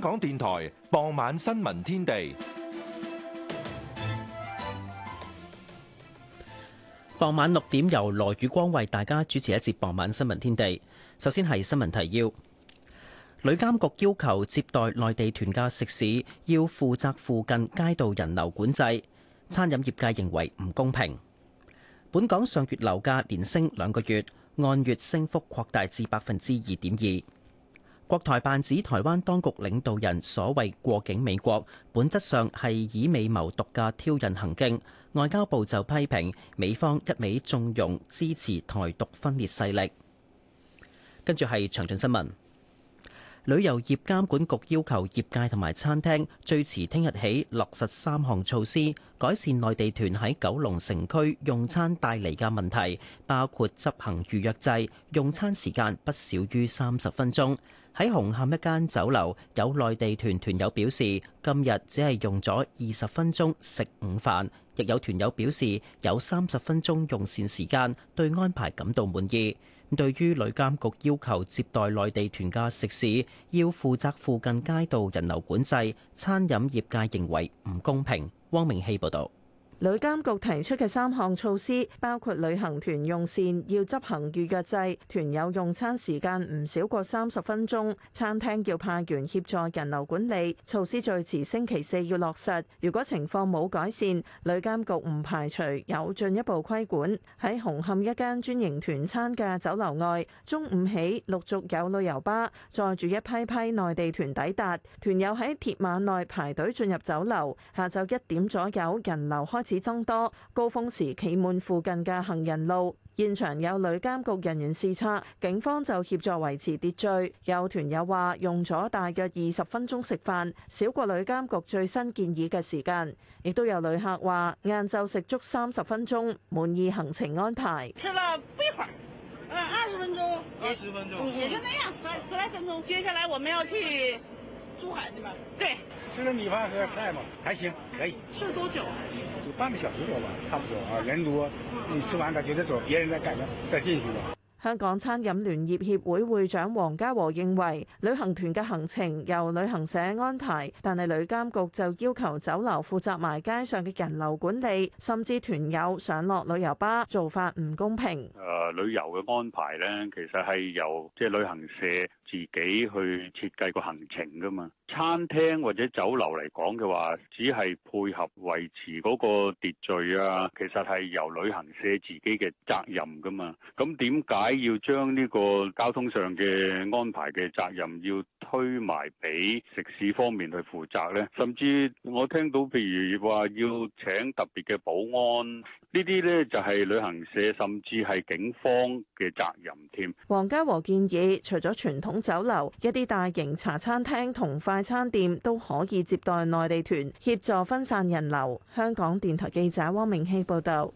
香港電台傍晚新聞天地，傍晚六點由羅宇光為大家主持一節傍晚新聞天地。首先係新聞提要：旅監局要求接待內地團嘅食肆要負責附近街道人流管制，餐飲業界認為唔公平。本港上月樓價連升兩個月，按月升幅擴大至百分之二點二。國台辦指台灣當局領導人所謂過境美國，本質上係以美謀獨嘅挑釁行徑。外交部就批評美方一味縱容支持台獨分裂勢力。跟住係詳盡新聞，旅遊業監管局要求業界同埋餐廳最遲聽日起落實三項措施，改善內地團喺九龍城區用餐帶嚟嘅問題，包括執行預約制、用餐時間不少於三十分鐘。喺紅磡一間酒樓，有內地團團友表示，今日只係用咗二十分鐘食午飯；亦有團友表示有三十分鐘用膳時間，對安排感到滿意。咁對於旅監局要求接待內地團嘅食肆要負責附近街道人流管制，餐飲業界認為唔公平。汪明希報導。旅監局提出嘅三項措施，包括旅行團用膳要執行預約制，團友用餐時間唔少過三十分鐘，餐廳要派員協助人流管理。措施最遲星期四要落實。如果情況冇改善，旅監局唔排除有進一步規管。喺紅磡一間專營團餐嘅酒樓外，中午起陸續有旅遊巴載住一批批內地團抵達，團友喺鐵馬內排隊進入酒樓。下晝一點左右，人流開始此增多，高峰時企滿附近嘅行人路。現場有旅監局人員視察，警方就協助維持秩序。有團友話用咗大約二十分鐘食飯，少過旅監局最新建議嘅時間。亦都有旅客話晏晝食足三十分鐘，滿意行程安排。吃了不一會兒，二十分鐘，二十分鐘，也就那樣，十來十來分鐘。接下來我們要去。珠海啲嘛，對，食咗米飯和菜嘛，還行，可以。食咗多久啊？有半個小時多吧，差不多啊，人多，你吃完佢就得走，別人再趕着，再進去。香港餐飲聯業協會會長黃家和認為，旅行團嘅行程由旅行社安排，但係旅監局就要求酒樓負責埋街上嘅人流管理，甚至團友上落旅遊巴做法唔公平。誒、呃，旅遊嘅安排呢，其實係由即係、就是、旅行社。自己去設計個行程㗎嘛，餐廳或者酒樓嚟講嘅話，只係配合維持嗰個秩序啊，其實係由旅行社自己嘅責任㗎嘛。咁點解要將呢個交通上嘅安排嘅責任要推埋俾食肆方面去負責呢？甚至我聽到譬如話要請特別嘅保安，呢啲呢就係旅行社甚至係警方嘅責任添。黃家和建議，除咗傳統酒樓，一啲大型茶餐廳同快餐店都可以接待內地團，協助分散人流。香港電台記者汪明希報道。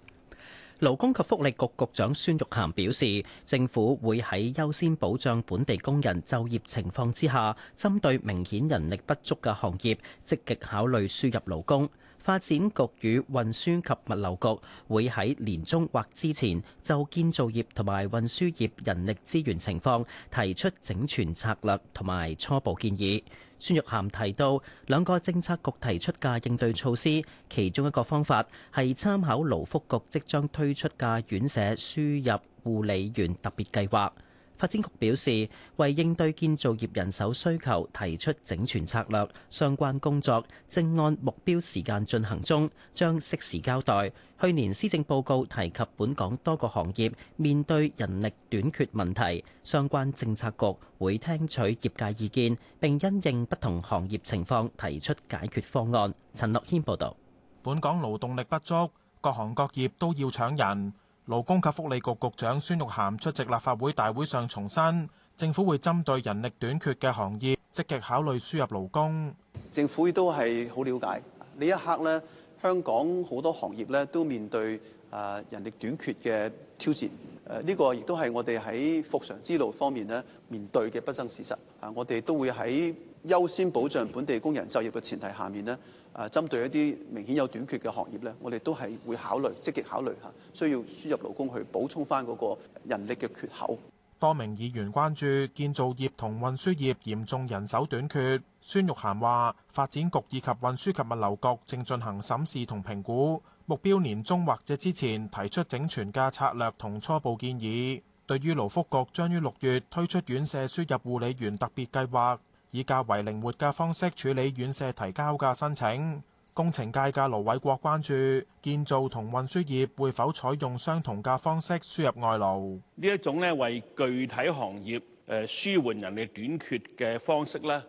勞工及福利局局長孫玉菡表示，政府會喺優先保障本地工人就業情況之下，針對明顯人力不足嘅行業，積極考慮輸入勞工。發展局與運輸及物流局會喺年中或之前就建造業同埋運輸業人力資源情況提出整全策略同埋初步建議。孫玉菡提到兩個政策局提出嘅應對措施，其中一個方法係參考勞福局即將推出嘅院舍輸入護理員特別計劃。發展局表示，為應對建造業人手需求提出整全策略，相關工作，正按目標時間進行中，將適時交代。去年施政報告提及本港多個行業面對人力短缺問題，相關政策局會聽取業界意見，並因應不同行業情況提出解決方案。陳樂軒報道。本港勞動力不足，各行各業都要搶人。勞工及福利局局長孫玉菡出席立法會大會上重申，政府會針對人力短缺嘅行業，積極考慮輸入勞工。政府亦都係好了解呢一刻咧，香港好多行業咧都面對誒人力短缺嘅挑戰。誒，呢個亦都係我哋喺復常之路方面咧面對嘅不爭事實。啊，我哋都會喺。優先保障本地工人就業嘅前提下面咧，啊，針對一啲明顯有短缺嘅行業咧，我哋都係會考慮積極考慮吓，需要輸入勞工去補充返嗰個人力嘅缺口。多名議員關注建造業同運輸業嚴重人手短缺。孫玉菡話：發展局以及運輸及物流局正進行審視同評估，目標年中或者之前提出整全嘅策略同初步建議。對於勞福局將於六月推出院舍輸入護理員特別計劃。以較為靈活嘅方式處理院舍提交嘅申請。工程界嘅盧偉國關注建造同運輸業會否採用相同嘅方式輸入外勞。呢一種咧為具體行業誒舒緩人力短缺嘅方式呢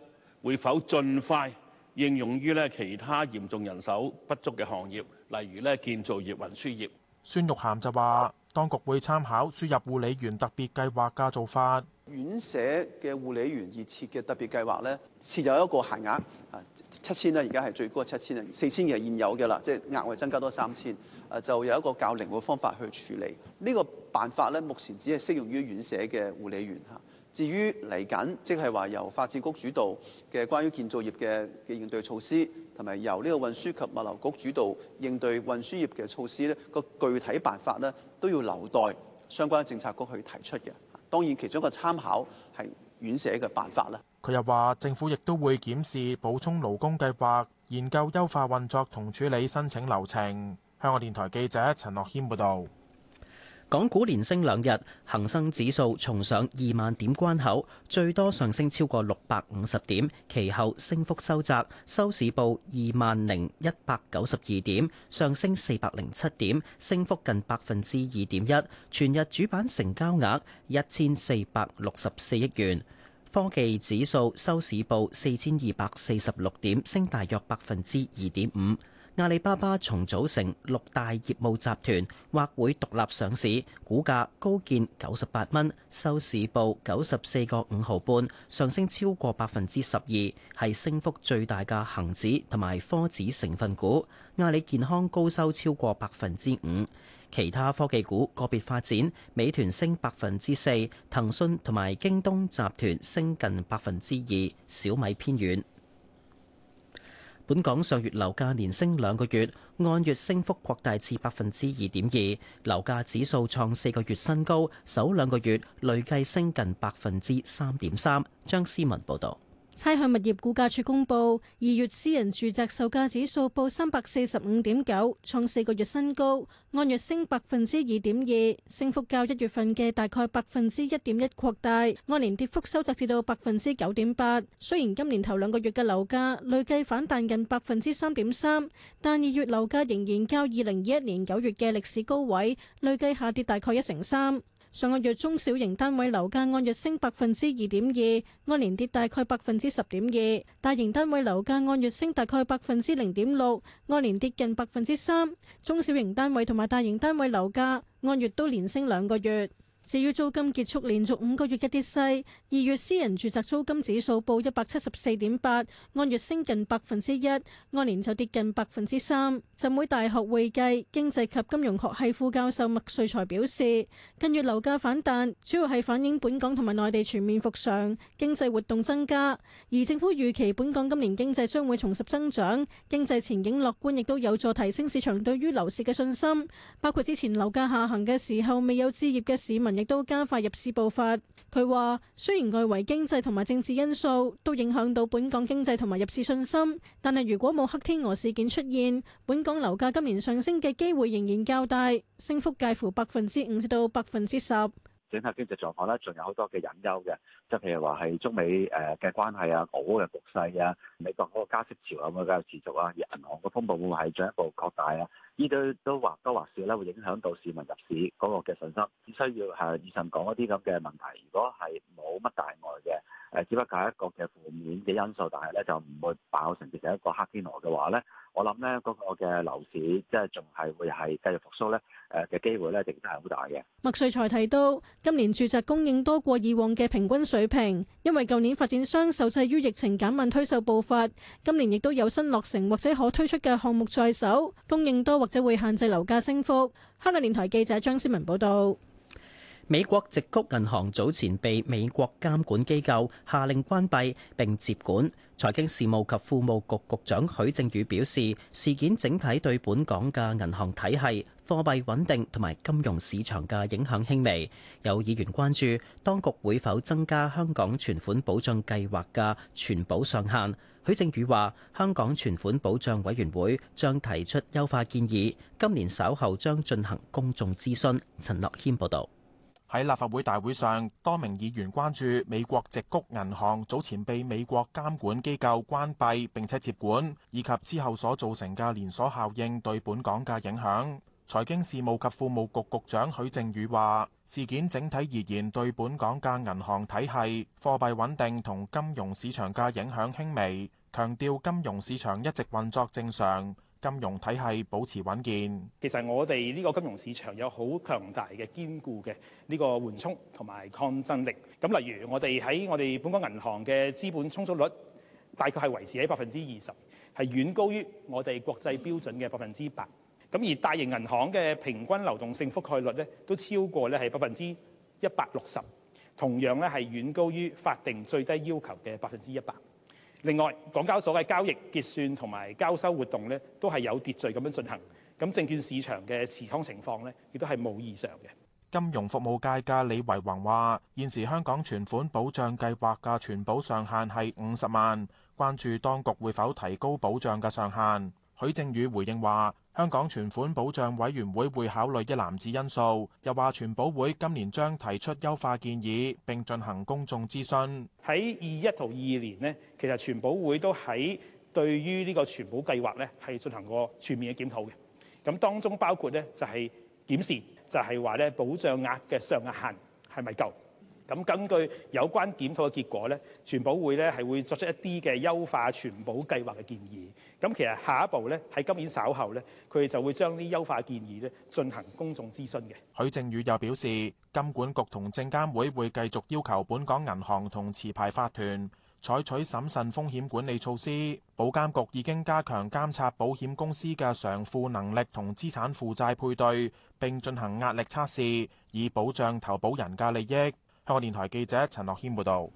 會否盡快應用於咧其他嚴重人手不足嘅行業，例如咧建造業、運輸業？孫玉菡就話。當局會參考輸入護理員特別計劃嘅做法，院舍嘅護理員而設嘅特別計劃咧，設有一個限額，啊七千啦，而家係最高七千啊，四千嘅係現有嘅啦，即係額外增加多三千，啊就有一個較靈活方法去處理呢、呢個辦法咧，目前只係適用於院舍嘅護理員嚇。至於嚟緊，即係話由發展局主導嘅關於建造業嘅嘅應對措施，同埋由呢個運輸及物流局主導應對運輸業嘅措施咧，個具體辦法咧都要留待相關政策局去提出嘅。當然，其中一個參考係院舍嘅辦法啦。佢又話，政府亦都會檢視補充勞工計劃，研究優化運作同處理申請流程。香港電台記者陳樂軒報導。港股連升兩日，恒生指數重上二萬點關口，最多上升超過六百五十點，其後升幅收窄，收市報二萬零一百九十二點，上升四百零七點，升幅近百分之二點一。全日主板成交額一千四百六十四億元，科技指數收市報四千二百四十六點，升大約百分之二點五。阿里巴巴重組成六大業務集團或會獨立上市，股價高見九十八蚊，收市報九十四個五毫半，上升超過百分之十二，係升幅最大嘅恒指同埋科指成分股。阿里健康高收超過百分之五，其他科技股個別發展，美團升百分之四，騰訊同埋京東集團升近百分之二，小米偏軟。本港上月樓價連升兩個月，按月升幅擴大至百分之二點二，樓價指數創四個月新高，首兩個月累計升近百分之三點三。張思文報導。差餉物業估價署公布，二月私人住宅售價指數報三百四十五點九，創四個月新高，按月升百分之二點二，升幅較一月份嘅大概百分之一點一擴大，按年跌幅收窄至到百分之九點八。雖然今年頭兩個月嘅樓價累計反彈近百分之三點三，但二月樓價仍然較二零二一年九月嘅歷史高位累計下跌大概一成三。上個月中小型單位樓價按月升百分之二點二，按年跌大概百分之十點二；大型單位樓價按月升大概百分之零點六，按年跌近百分之三；中小型單位同埋大型單位樓價按月都連升兩個月。至於租金結束連續五個月嘅跌勢，二月私人住宅租金指數報一百七十四點八，按月升近百分之一，按年就跌近百分之三。浸會大學會計經濟及金融學系副教授麥萃才表示，近月樓價反彈，主要係反映本港同埋內地全面復常，經濟活動增加。而政府預期本港今年經濟將會重拾增長，經濟前景樂觀，亦都有助提升市場對於樓市嘅信心。包括之前樓價下行嘅時候，未有置業嘅市民，亦都加快入市步伐。佢話，雖然外圍經濟同埋政治因素都影響到本港經濟同埋入市信心，但係如果冇黑天鵝事件出現，本港樓價今年上升嘅機會仍然較大，升幅介乎百分之五至到百分之十。整體經濟狀況咧，仲有好多嘅隱憂嘅，即係譬如話係中美誒嘅關係啊、俄國嘅局勢啊、美國嗰個加息潮會唔會繼續啊、而銀行個風暴會唔會係進一步擴大啊？呢堆都或多或少咧，會影響到市民入市嗰個嘅信心。只需要係以上講一啲咁嘅問題，如果係冇乜大礙嘅。誒，只不過係一個嘅負面嘅因素，但係咧就唔會爆成變成一個黑天鵝嘅話咧，我諗咧嗰個嘅樓市即係仲係會係繼續復甦咧，誒嘅機會咧仍然都係好大嘅。麥瑞才提到，今年住宅供應多過以往嘅平均水平，因為舊年發展商受制於疫情減慢推售步伐，今年亦都有新落成或者可推出嘅項目在手，供應多或者會限制樓價升幅。香港電台記者張思文報道。美國矽谷銀行早前被美國監管機構下令關閉並接管。財經事務及庫務局局長許正宇表示，事件整體對本港嘅銀行體系、貨幣穩定同埋金融市場嘅影響輕微。有議員關注當局會否增加香港存款保障計劃嘅存保上限。許正宇話：香港存款保障委員會將提出優化建議，今年稍後將進行公眾諮詢。陳樂謙報導。喺立法會大會上，多名議員關注美國矽谷銀行早前被美國監管機構關閉，並且接管，以及之後所造成嘅連鎖效應對本港嘅影響。財經事務及庫務局局、局長許正宇話：事件整體而言對本港嘅銀行體系、貨幣穩定同金融市場嘅影響輕微，強調金融市場一直運作正常，金融體系保持穩健。其實我哋呢個金融市場有好強大嘅堅固嘅呢個緩衝同埋抗震力。咁例如我哋喺我哋本港銀行嘅資本充足率，大概係維持喺百分之二十，係遠高於我哋國際標準嘅百分之八。咁而大型銀行嘅平均流動性覆蓋率咧，都超過咧係百分之一百六十，同樣咧係遠高於法定最低要求嘅百分之一百。另外，港交所嘅交易結算同埋交收活動呢都係有秩序咁樣進行。咁證券市場嘅持倉情況呢亦都係冇異常嘅。金融服務界嘅李維宏話，現時香港存款保障計劃嘅存保上限係五十萬，關注當局會否提高保障嘅上限。許正宇回應話。香港存款保障委員會會考慮一籃子因素，又話存保會今年將提出優化建議，並進行公眾諮詢。喺二一到二二年呢，其實存保會都喺對於呢個存保計劃咧係進行過全面嘅檢討嘅，咁當中包括咧就係檢視，就係話咧保障額嘅上限係咪夠。咁根據有關檢討嘅結果呢，存保會呢係會作出一啲嘅優化存保計劃嘅建議。咁其實下一步呢喺今年稍後呢，佢哋就會將啲優化建議呢進行公眾諮詢嘅。許正宇又表示，金管局同證監會會繼續要求本港銀行同持牌法團採取審慎風險管理措施。保監局已經加強監察保險公司嘅償付能力同資產負債配對，並進行壓力測試，以保障投保人嘅利益。香港電台記者陳樂謙報道：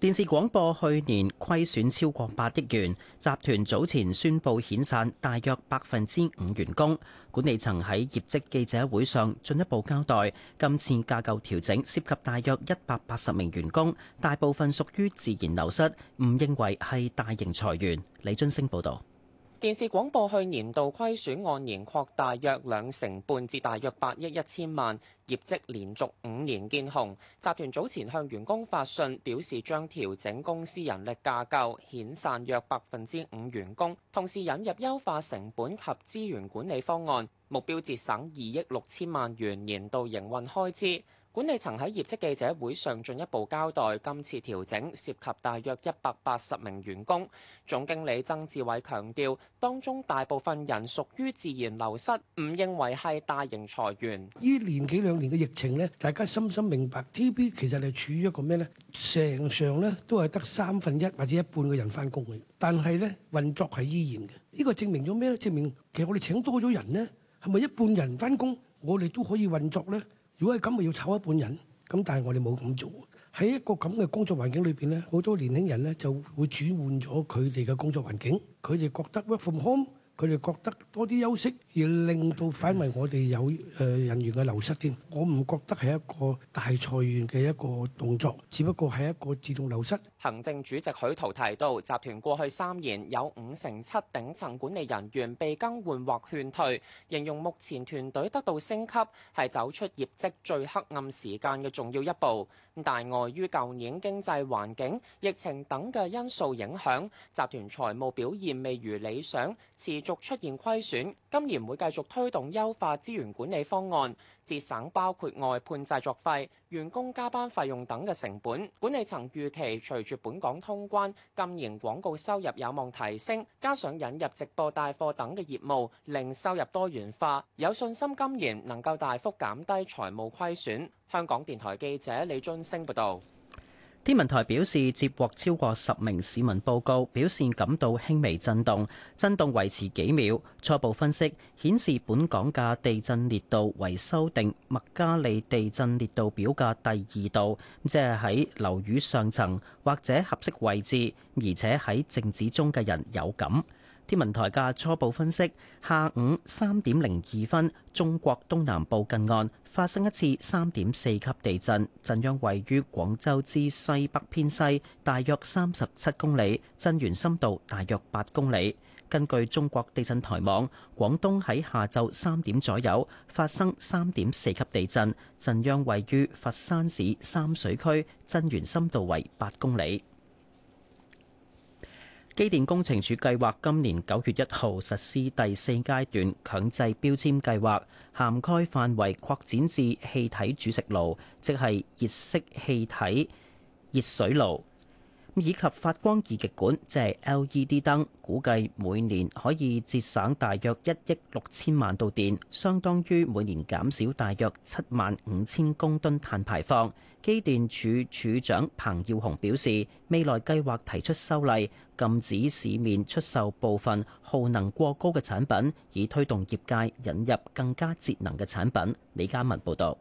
電視廣播去年虧損超過八億元，集團早前宣佈遣散大約百分之五員工。管理層喺業績記者會上進一步交代，今次架構調整涉及大約一百八十名員工，大部分屬於自然流失，唔認為係大型裁員。李津升報道。電視廣播去年度虧損按年擴大約兩成半至大約八億一千萬，業績連續五年見紅。集團早前向員工發信表示，將調整公司人力架構，遣散約百分之五員工，同時引入優化成本及資源管理方案，目標節省二億六千萬元年度營運開支。管理層喺業績記者會上進一步交代，今次調整涉及大約一百八十名員工。總經理曾志偉強調，當中大部分人屬於自然流失，唔認為係大型裁員。呢年幾兩年嘅疫情呢，大家深深明白，T B 其實係處於一個咩呢？成常咧都係得三分一或者一半嘅人返工嘅，但係咧運作係依然嘅。呢個證明咗咩？證明其實我哋請多咗人呢，係咪一半人返工，我哋都可以運作呢。如果係咁，咪要炒一半人。咁但係我哋冇咁做。喺一個咁嘅工作環境裏面，呢好多年輕人呢就會轉換咗佢哋嘅工作環境。佢哋覺得 Work from home。佢哋覺得多啲休息而令到反為我哋有誒人員嘅流失添，我唔覺得係一個大裁員嘅一個動作，只不過係一個自動流失。行政主席許濤提到，集團過去三年有五成七頂層管理人員被更換或勸退，形容目前團隊得到升級，係走出業績最黑暗時間嘅重要一步。但礙於舊年經濟環境、疫情等嘅因素影響集團財務表現未如理想，持續。續出現虧損，今年會繼續推動優化資源管理方案，節省包括外判製作費、員工加班費用等嘅成本。管理層預期隨住本港通關，今年廣告收入有望提升，加上引入直播帶貨等嘅業務，令收入多元化，有信心今年能夠大幅減低財務虧損。香港電台記者李津升報道。天文台表示，接獲超過十名市民報告，表現感到輕微震動，震動維持幾秒。初步分析顯示，本港嘅地震烈度為修訂麥加利地震烈度表嘅第二度，即係喺樓宇上層或者合適位置，而且喺靜止中嘅人有感。天文台嘅初步分析，下午三點零二分，中國東南部近岸發生一次三點四級地震，震央位於廣州之西北偏西大約三十七公里，震源深度大約八公里。根據中國地震台網，廣東喺下晝三點左右發生三點四級地震，震央位於佛山市三水區，震源深度為八公里。機電工程署計劃今年九月一號實施第四階段強制標籤計劃，涵蓋範圍擴展至氣體煮食爐，即係熱式氣體熱水爐。以及發光二極管，即係 LED 燈，估計每年可以節省大約一億六千萬度電，相當於每年減少大約七萬五千公噸碳排放。機電處處長彭耀雄表示，未來計劃提出修例，禁止市面出售部分耗能過高嘅產品，以推動業界引入更加節能嘅產品。李嘉文報道。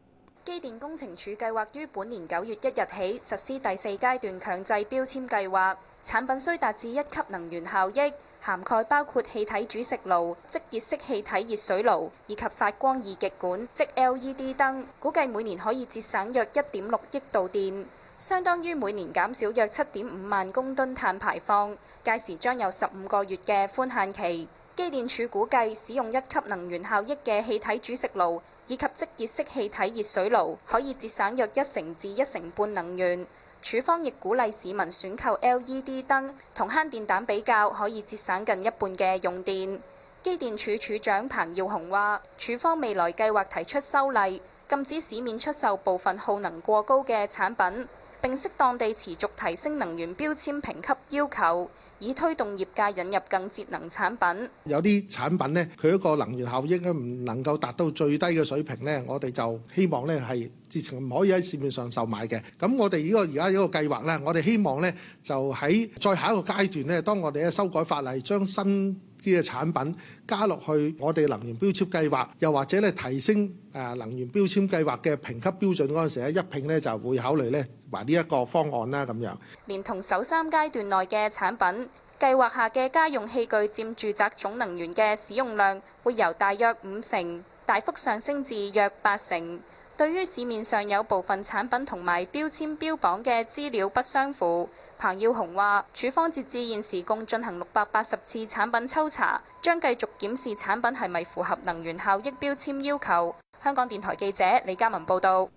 機電工程署計劃於本年九月一日起實施第四階段強制標籤計劃，產品需達至一級能源效益，涵蓋包括氣體煮食爐、即熱式氣體熱水爐以及發光二極管即 LED 燈。估計每年可以節省約一點六億度電，相當於每年減少約七點五萬公噸碳排放。屆時將有十五個月嘅寬限期。機電署估計，使用一級能源效益嘅氣體煮食爐。以及即熱式氣體熱水爐可以節省約一成至一成半能源。署方亦鼓勵市民選購 LED 燈，同慳電膽比較，可以節省近一半嘅用電。機電署署長彭耀雄話：署方未來計劃提出修例，禁止市面出售部分耗能過高嘅產品。並適當地持續提升能源標籤評級要求，以推動業界引入更節能產品。有啲產品呢，佢一個能源效益咧，唔能夠達到最低嘅水平呢，我哋就希望呢係直情唔可以喺市面上售賣嘅。咁我哋、這個、呢個而家呢個計劃呢，我哋希望呢就喺再下一個階段呢當我哋咧修改法例，將新啲嘅產品加落去我哋能源標籤計劃，又或者咧提升誒能源標籤計劃嘅評級標準嗰陣時咧，一併咧就會考慮咧埋呢一個方案啦咁樣。連同首三階段內嘅產品計劃下嘅家用器具佔住宅總能源嘅使用量，會由大約五成大幅上升至約八成。對於市面上有部分產品同埋標籤標榜嘅資料不相符，彭耀雄話，署方截至現時共進行六百八十次產品抽查，將繼續檢視產品係咪符合能源效益標籤要求。香港電台記者李嘉文報道。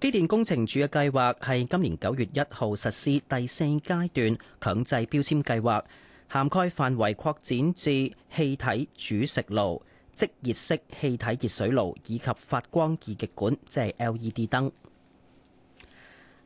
機電工程署嘅計劃係今年九月一號實施第四階段強制標籤計劃，涵蓋範圍擴展至氣體煮食爐。即熱式氣體熱水爐以及發光二極管，即係 LED 燈。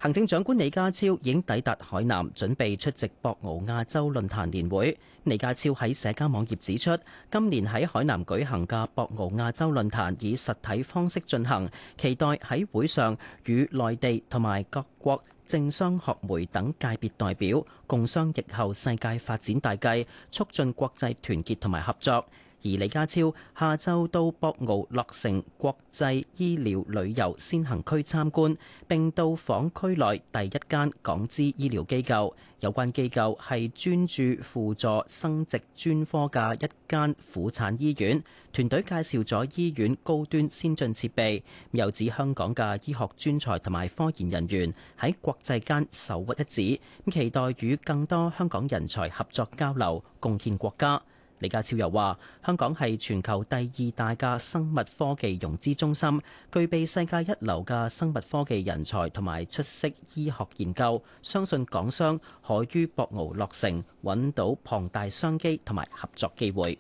行政長官李家超已經抵達海南，準備出席博鰲亞洲論壇年會。李家超喺社交網頁指出，今年喺海南舉行嘅博鰲亞洲論壇以實體方式進行，期待喺會上與內地同埋各國政商學媒等界別代表共商疫後世界發展大計，促進國際團結同埋合作。而李家超下周到博鰲樂城國際醫療旅遊先行區參觀，並到訪區內第一間港資醫療機構，有關機構係專注輔助生殖專科嘅一間婦產醫院。團隊介紹咗醫院高端先進設備，又指香港嘅醫學專才同埋科研人員喺國際間首屈一指，期待與更多香港人才合作交流，貢獻國家。李家超又話：香港係全球第二大嘅生物科技融資中心，具備世界一流嘅生物科技人才同埋出色醫學研究，相信港商可於博鰲樂城，揾到龐大商機同埋合作機會。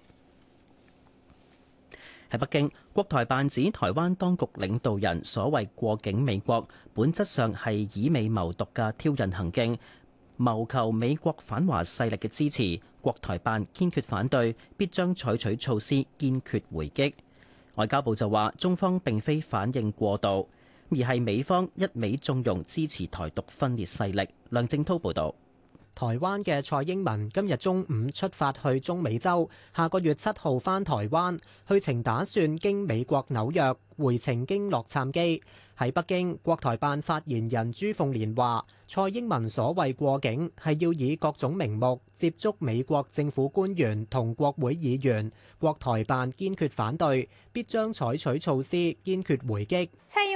喺北京，國台辦指台灣當局領導人所謂過境美國，本質上係以美謀獨嘅挑釁行徑。謀求美國反華勢力嘅支持，國台辦堅決反對，必將採取措施堅決回擊。外交部就話：中方並非反應過度，而係美方一味縱容支持台獨分裂勢力。梁正滔報導。台灣嘅蔡英文今日中午出發去中美洲，下個月七號返台灣，去程打算經美國紐約，回程經洛杉磯。喺北京，國台辦發言人朱鳳蓮話：蔡英文所謂過境係要以各種名目接觸美國政府官員同國會議員，國台辦堅決反對，必將採取措施，堅決回擊。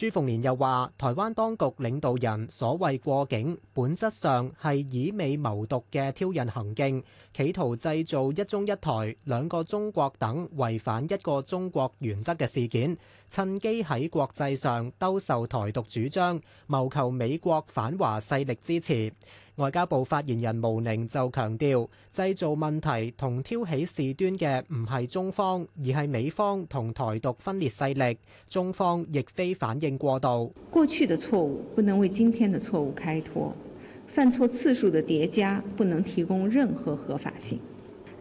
朱鳳蓮又話：台灣當局領導人所謂過境，本質上係以美謀獨嘅挑釁行徑，企圖製造一中一台、兩個中國等違反一個中國原則嘅事件，趁機喺國際上兜售台獨主張，謀求美國反華勢力支持。外交部發言人毛寧就強調，製造問題同挑起事端嘅唔係中方，而係美方同台獨分裂勢力，中方亦非反應過度。過去的錯誤不能為今天的錯誤開脱，犯錯次數的疊加不能提供任何合法性。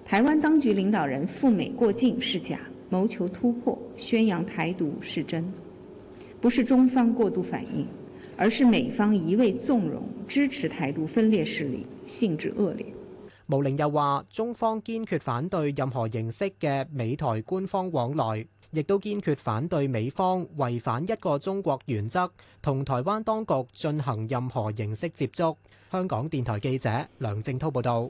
台灣當局領導人赴美過境是假，謀求突破、宣揚台獨是真，不是中方過度反應。而是美方一味縱容支持台獨分裂勢力，性質惡劣。毛寧又話中方堅決反對任何形式嘅美台官方往來，亦都堅決反對美方違反一個中國原則同台灣當局進行任何形式接觸。香港電台記者梁正濤報道，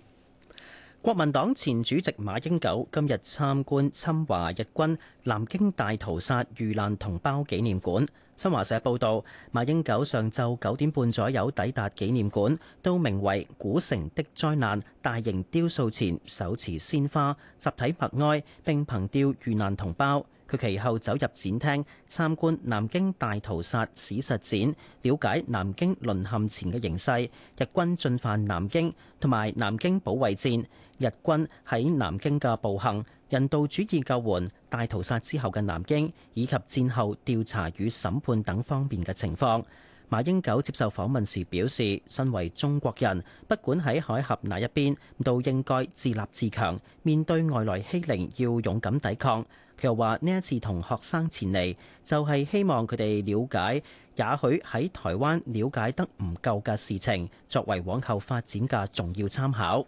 國民黨前主席馬英九今日參觀侵華日軍南京大屠殺遇難同胞紀念館。新華社報道，馬英九上晝九點半左右抵達紀念館，到名為古城的災難大型雕塑前，手持鮮花，集體默哀並憑吊遇難同胞。佢其後走入展廳，參觀《南京大屠殺史實展》，了解南京淪陷前嘅形勢，日軍進犯南京同埋南京保衛戰，日軍喺南京嘅暴行。人道主義救援、大屠殺之後嘅南京以及戰後調查與審判等方面嘅情況。馬英九接受訪問時表示，身為中國人，不管喺海峽哪一邊，都應該自立自強，面對外來欺凌要勇敢抵抗。佢又話，呢一次同學生前嚟，就係希望佢哋了解，也許喺台灣了解得唔夠嘅事情，作為往後發展嘅重要參考。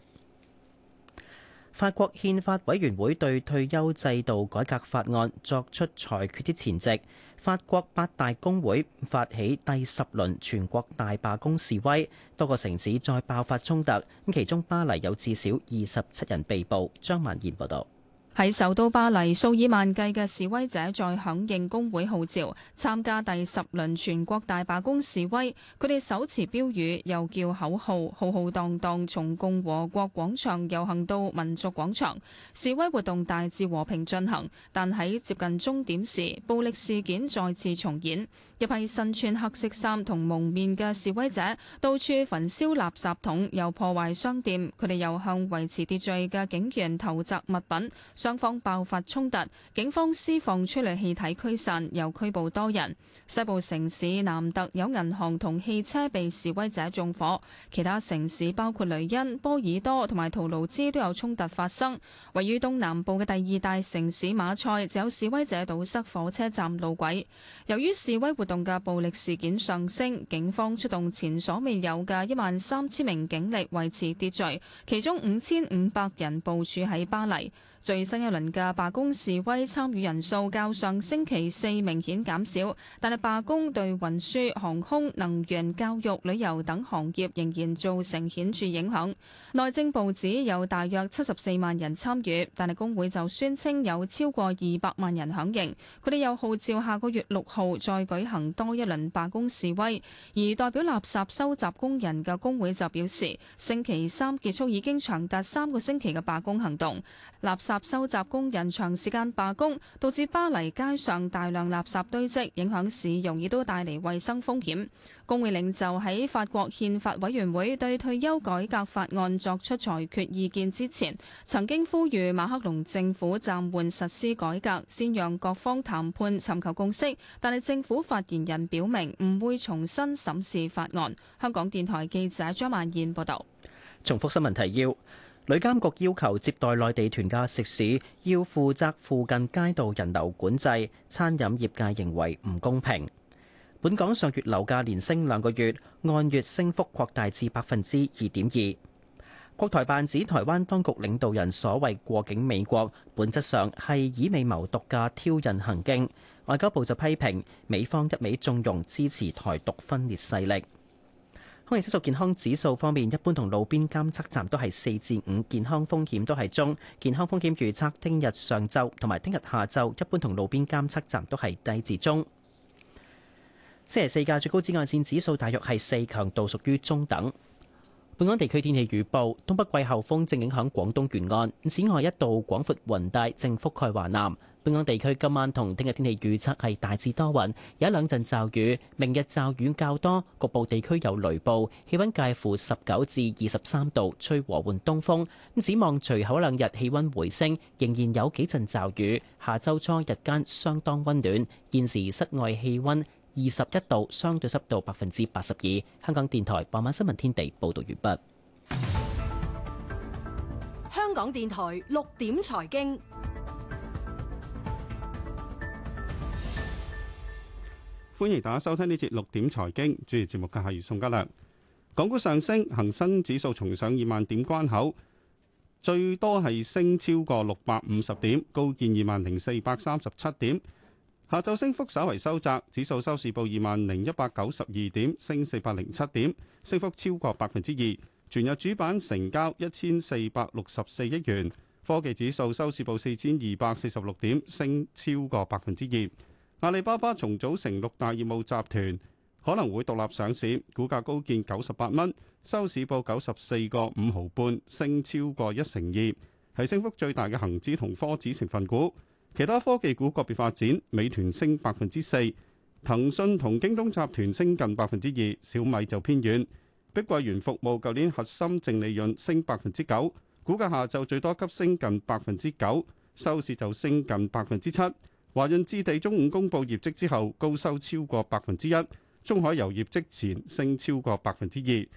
法國憲法委員會對退休制度改革法案作出裁決之前夕，法國八大工會發起第十輪全國大罷工示威，多個城市再爆發衝突，咁其中巴黎有至少二十七人被捕。張曼賢報道。喺首都巴黎，數以萬計嘅示威者在響應工會號召，參加第十輪全國大罷工示威。佢哋手持標語，又叫口號，浩浩蕩蕩從共和國廣場遊行到民族廣場。示威活動大致和平進行，但喺接近終點時，暴力事件再次重演。一批身穿黑色衫同蒙面嘅示威者，到處焚燒垃圾桶，又破壞商店。佢哋又向維持秩序嘅警員投擲物品，雙方爆發衝突。警方施放催淚氣體驅散，又拘捕多人。西部城市南特有銀行同汽車被示威者縱火，其他城市包括雷恩、波爾多同埋圖盧茲都有衝突發生。位於東南部嘅第二大城市馬賽，就有示威者堵塞火車站路軌，由於示威活動嘅暴力事件上升，警方出動前所未有嘅一萬三千名警力維持秩序，其中五千五百人部署喺巴黎。最新一輪嘅罷工示威參與人數較上星期四明顯減少，但係罷工對運輸、航空、能源、教育、旅游等行業仍然造成顯著影響，內政部指有大約七十四萬人參與，但係工會就宣稱有超過二百萬人響應，佢哋又號召下個月六號再舉行多一輪罷工示威，而代表垃圾收集工人嘅工會就表示，星期三結束已經長達三個星期嘅罷工行動。垃圾垃圾收集工人長時間罷工，導致巴黎街上大量垃圾堆積，影響市容，亦都帶嚟衛生風險。工會領袖喺法國憲法委員會對退休改革法案作出裁決意見之前，曾經呼籲馬克龍政府暫緩實施改革，先讓各方談判尋求共識。但係政府發言人表明唔會重新審視法案。香港電台記者張萬燕報道。重複新聞提要。旅監局要求接待內地團嘅食肆要負責附近街道人流管制，餐飲業界認為唔公平。本港上月樓價連升兩個月，按月升幅擴大至百分之二點二。國台辦指台灣當局領導人所謂過境美國，本質上係以美謀獨嘅挑釁行徑。外交部就批評美方一味縱容支持台獨分裂勢力。空氣質素健康指數方面，一般同路邊監測站都係四至五，健康風險都係中。健康風險預測，聽日上晝同埋聽日下晝，一般同路邊監測站都係低至中。星期四嘅最高紫外綫指數大約係四，強度屬於中等。本港地區天氣預報，東北季候風正影響廣東沿岸，此外一道廣闊雲帶正覆蓋華南。本港地區今晚同聽日天氣預測係大致多雲，有一兩陣驟雨。明日驟雨較多，局部地區有雷暴。氣溫介乎十九至二十三度，吹和緩東風，咁展望隨後兩日氣溫回升，仍然有幾陣驟雨。下周初日間相當溫暖。現時室外氣溫。二十一度，相對濕度百分之八十二。香港電台傍晚新聞天地報道完畢。香港電台六點財經，歡迎大家收聽呢節六點財經。主持節目嘅係宋嘉良。港股上升，恒生指數重上二萬點關口，最多係升超過六百五十點，高見二萬零四百三十七點。下晝升幅稍為收窄，指數收市報二萬零一百九十二點，升四百零七點，升幅超過百分之二。全日主板成交一千四百六十四億元，科技指數收市報四千二百四十六點，升超過百分之二。阿里巴巴重組成六大業務集團，可能會獨立上市，股價高見九十八蚊，收市報九十四個五毫半，升超過一成二，係升幅最大嘅恒指同科指成分股。其他科技股個別發展，美團升百分之四，騰訊同京東集團升近百分之二，小米就偏遠。碧桂園服務舊年核心淨利潤升百分之九，股價下晝最多急升近百分之九，收市就升近百分之七。華潤置地中午公佈業績之後，高收超過百分之一，中海油業績前升超過百分之二。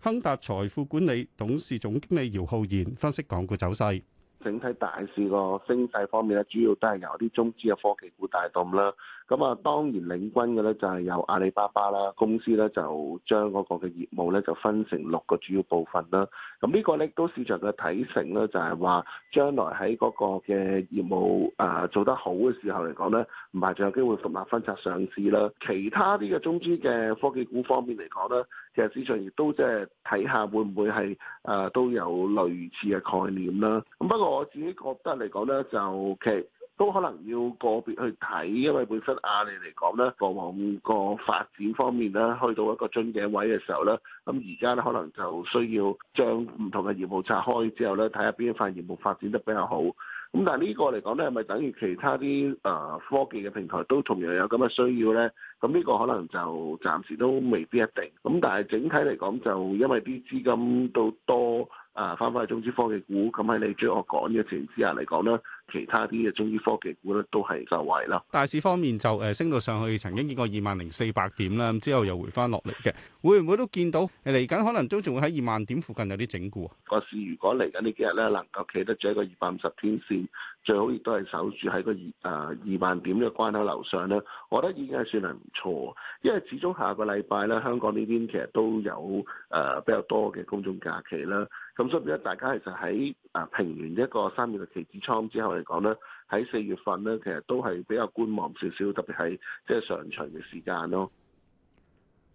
亨達財富管理董事總經理姚浩然分析港股走勢。整體大市個升勢方面咧，主要都係由啲中資嘅科技股帶動啦。咁啊，當然領軍嘅咧就係由阿里巴巴啦，公司咧就將嗰個嘅業務咧就分成六個主要部分啦。咁呢個咧都市場嘅睇成咧就係話，將來喺嗰個嘅業務啊做得好嘅時候嚟講咧，唔係仲有機會同埋分拆上市啦。其他啲嘅中資嘅科技股方面嚟講咧，其實市場亦都即係睇下會唔會係啊都有類似嘅概念啦。咁不過我自己覺得嚟講咧就其。都可能要個別去睇，因為本身阿里嚟講咧，往個發展方面咧，去到一個樽頸位嘅時候咧，咁而家咧可能就需要將唔同嘅業務拆開之後咧，睇下邊一塊業務發展得比較好。咁但係呢個嚟講咧，係咪等於其他啲誒科技嘅平台都同樣有咁嘅需要咧？咁呢個可能就暫時都未必一定。咁但係整體嚟講，就因為啲資金都多。啊，翻翻去中資科技股，咁喺你追我趕嘅情形之下嚟講咧，其他啲嘅中資科技股咧都係受惠啦。大市方面就誒升到上去，曾經見過二萬零四百點啦，之後又回翻落嚟嘅，會唔會都見到嚟緊可能都仲會喺二萬點附近有啲整固啊？個市如果嚟緊呢幾日咧，能夠企得住一個二百五十天線。最好亦都係守住喺個二啊二萬點嘅關口樓上咧，我覺得已經係算係唔錯，因為始終下個禮拜咧，香港呢邊其實都有誒、uh, 比較多嘅公眾假期啦。咁所以大家其實喺啊平完一個三月嘅期指倉之後嚟講咧，喺四月份咧，其實都係比較觀望少少，特別係即係上場嘅時間咯。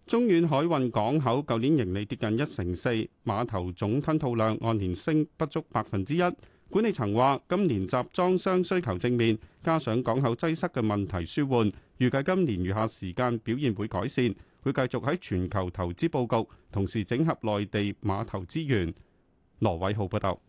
中遠海運港口舊年盈利跌近一成四，碼頭總吞吐量按年升不足百分之一。管理層話，今年集裝箱需求正面，加上港口擠塞嘅問題舒緩，預計今年餘下時間表現會改善。會繼續喺全球投資佈局，同時整合內地碼頭資源。羅偉浩報道，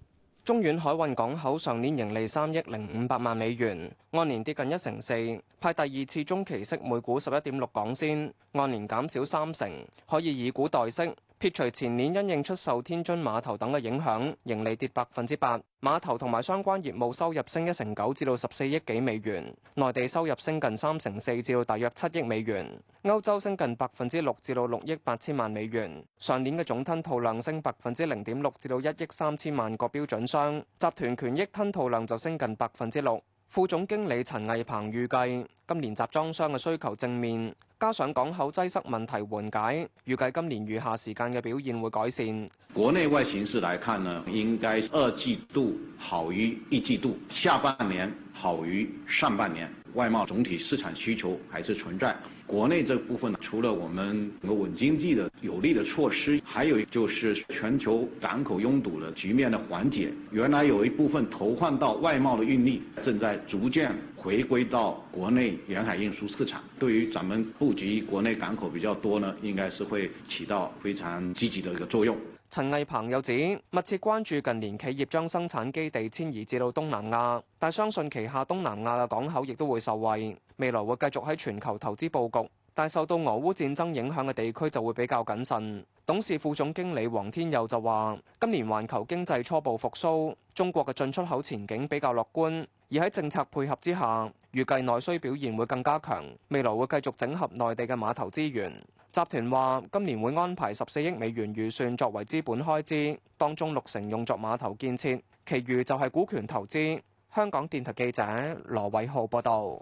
中遠海運港口上年盈利三億零五百萬美元，按年跌近一成四，派第二次中期息每股十一點六港仙，按年減少三成，可以以股代息。撇除前年因應出售天津碼頭等嘅影響，盈利跌百分之八，碼頭同埋相關業務收入升一成九，至到十四億幾美元；內地收入升近三成四，至到大約七億美元；歐洲升近百分之六，至到六億八千萬美元。上年嘅總吞吐量升百分之零點六，至到一億三千萬個標準箱。集團權益吞吐量就升近百分之六。副總經理陳毅鵬預計。今年集裝箱嘅需求正面，加上港口擠塞問題緩解，預計今年餘下時間嘅表現會改善。國內外形勢來看呢，應該二季度好於一季度，下半年好於上半年。外貿總體市場需求還是存在。國內這部分，除了我們整個穩經濟的有力的措施，還有就是全球港口擁堵的局面的緩解。原來有一部分投放到外貿的運力，正在逐漸。回歸到國內沿海運輸市場，對於咱們布局國內港口比較多呢，應該是會起到非常積極的一個作用。陳毅鵬又指，密切關注近年企業將生產基地遷移至到東南亞，但相信旗下東南亞嘅港口亦都會受惠，未來會繼續喺全球投資布局，但受到俄烏戰爭影響嘅地區就會比較謹慎。董事副總經理黃天佑就話，今年環球經濟初步復甦，中國嘅進出口前景比較樂觀。而喺政策配合之下，預計內需表現會更加強，未來會繼續整合內地嘅碼頭資源。集團話今年會安排十四億美元預算作為資本開支，當中六成用作碼頭建設，其餘就係股權投資。香港電台記者羅偉浩報道。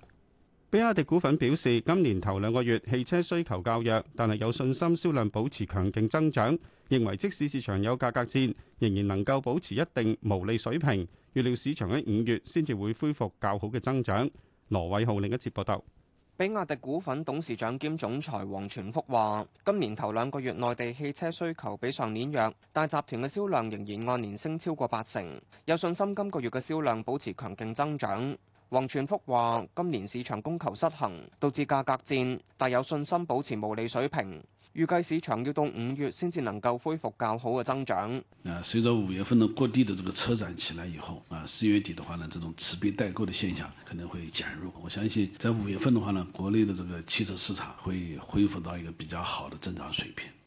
比亞迪股份表示，今年頭兩個月汽車需求較弱，但係有信心銷量保持強勁增長。認為即使市場有價格戰，仍然能夠保持一定毛利水平。預料市場喺五月先至會恢復較好嘅增長。羅偉浩另一節報道，比亞迪股份董事長兼總裁王傳福話，今年頭兩個月內地汽車需求比上年弱，但集團嘅銷量仍然按年升超過八成，有信心今個月嘅銷量保持強勁增長。王傳福話：今年市場供求失衡，導致價格戰，但有信心保持毛利水平。預計市場要到五月先至能夠恢復較好嘅增長。啊，隨着五月份的各地的這個車展起來以後，啊，四月底的話呢，這種持幣待購的現象可能會減弱。我相信在五月份的話呢，國內的這個汽車市場會恢復到一個比較好的增長水平。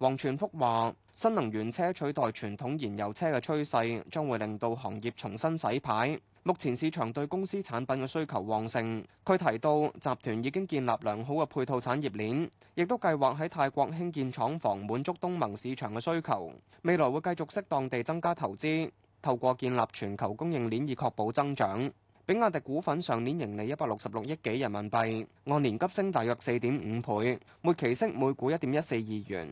王傳福話，新能源車取代傳統燃油車嘅趨勢，將會令到行業重新洗牌。目前市場對公司產品嘅需求旺盛。佢提到，集團已經建立良好嘅配套產業鏈，亦都計劃喺泰國興建廠房，滿足東盟市場嘅需求。未來會繼續適當地增加投資，透過建立全球供應鏈以確保增長。比亞迪股份上年盈利一百六十六億幾人民幣，按年急升大約四點五倍，末期息每股一點一四二元。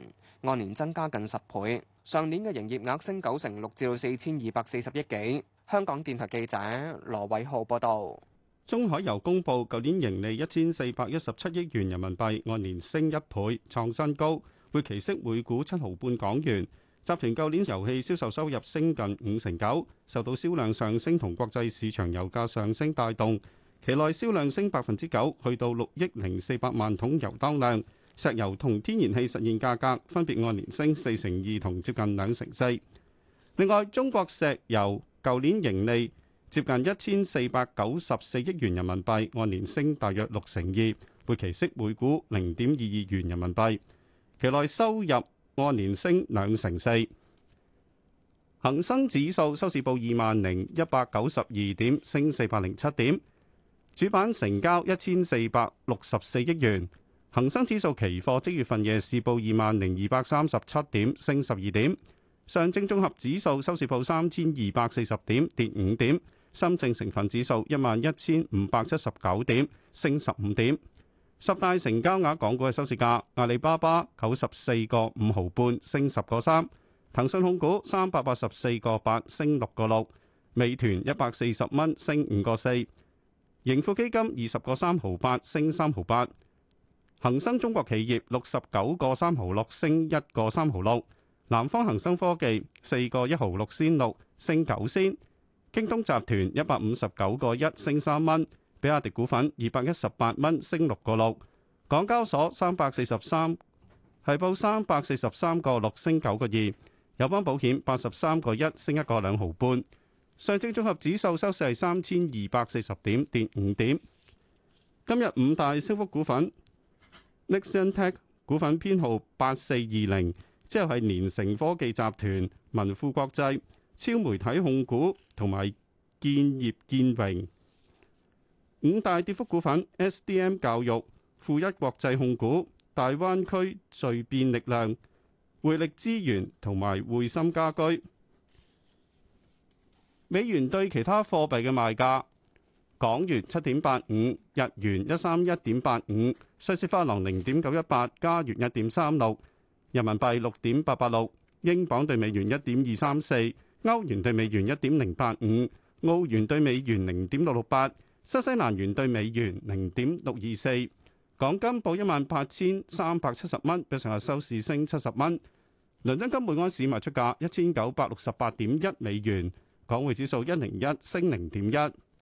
按年增加近十倍，上年嘅營業額升九成六，至到四千二百四十億幾。香港電台記者羅偉浩報道，中海油公布舊年盈利一千四百一十七億元人民幣，按年升一倍，創新高，每期息每股七毫半港元。集團舊年油氣銷售收入升近五成九，受到銷量上升同國際市場油價上升帶動，期內銷量升百分之九，去到六億零四百萬桶油當量。石油同天然氣實現價格分別按年升四成二同接近兩成四。另外，中國石油舊年盈利接近一千四百九十四億元人民幣，按年升大約六成二，每期息每股零點二二元人民幣。期內收入按年升兩成四。恒生指數收市報二萬零一百九十二點，升四百零七點。主板成交一千四百六十四億元。恒生指數期貨即月份夜市報二萬零二百三十七點，升十二點。上證綜合指數收市報三千二百四十點，跌五點。深證成分指數一萬一千五百七十九點，升十五點。十大成交額港股嘅收市價：阿里巴巴九十四個五毫半，升十個三；騰訊控股三百八十四個八，升六個六；美團一百四十蚊，升五個四；盈富基金二十個三毫八，升三毫八。恒生中國企業六十九個三毫六升一個三毫六，南方恒生科技四個一毫六先六升九先，京東集團一百五十九個一升三蚊，比亞迪股份二百一十八蚊升六個六，港交所三百四十三係報三百四十三個六升九個二，友邦保險八十三個一升一個兩毫半，上證綜合指數收市係三千二百四十點跌五點。今日五大升幅股份。Nixon Tech 股份編號八四二零，之後係聯成科技集團、民富國際、超媒體控股同埋建業建榮。五大跌幅股份。SDM 教育、富一國際控股、大灣區聚變力量、匯力資源同埋匯心家居。美元對其他貨幣嘅賣價。港元七點八五，日元一三一點八五，瑞士法郎零點九一八，加元一點三六，人民幣六點八八六，英鎊兌美元一點二三四，歐元兌美元一點零八五，澳元兌美元零點六六八，新西蘭元兌美元零點六二四。港金報一萬八千三百七十蚊，比上日收市升七十蚊。倫敦金每安士賣出價一千九百六十八點一美元，港匯指數一零一升零點一。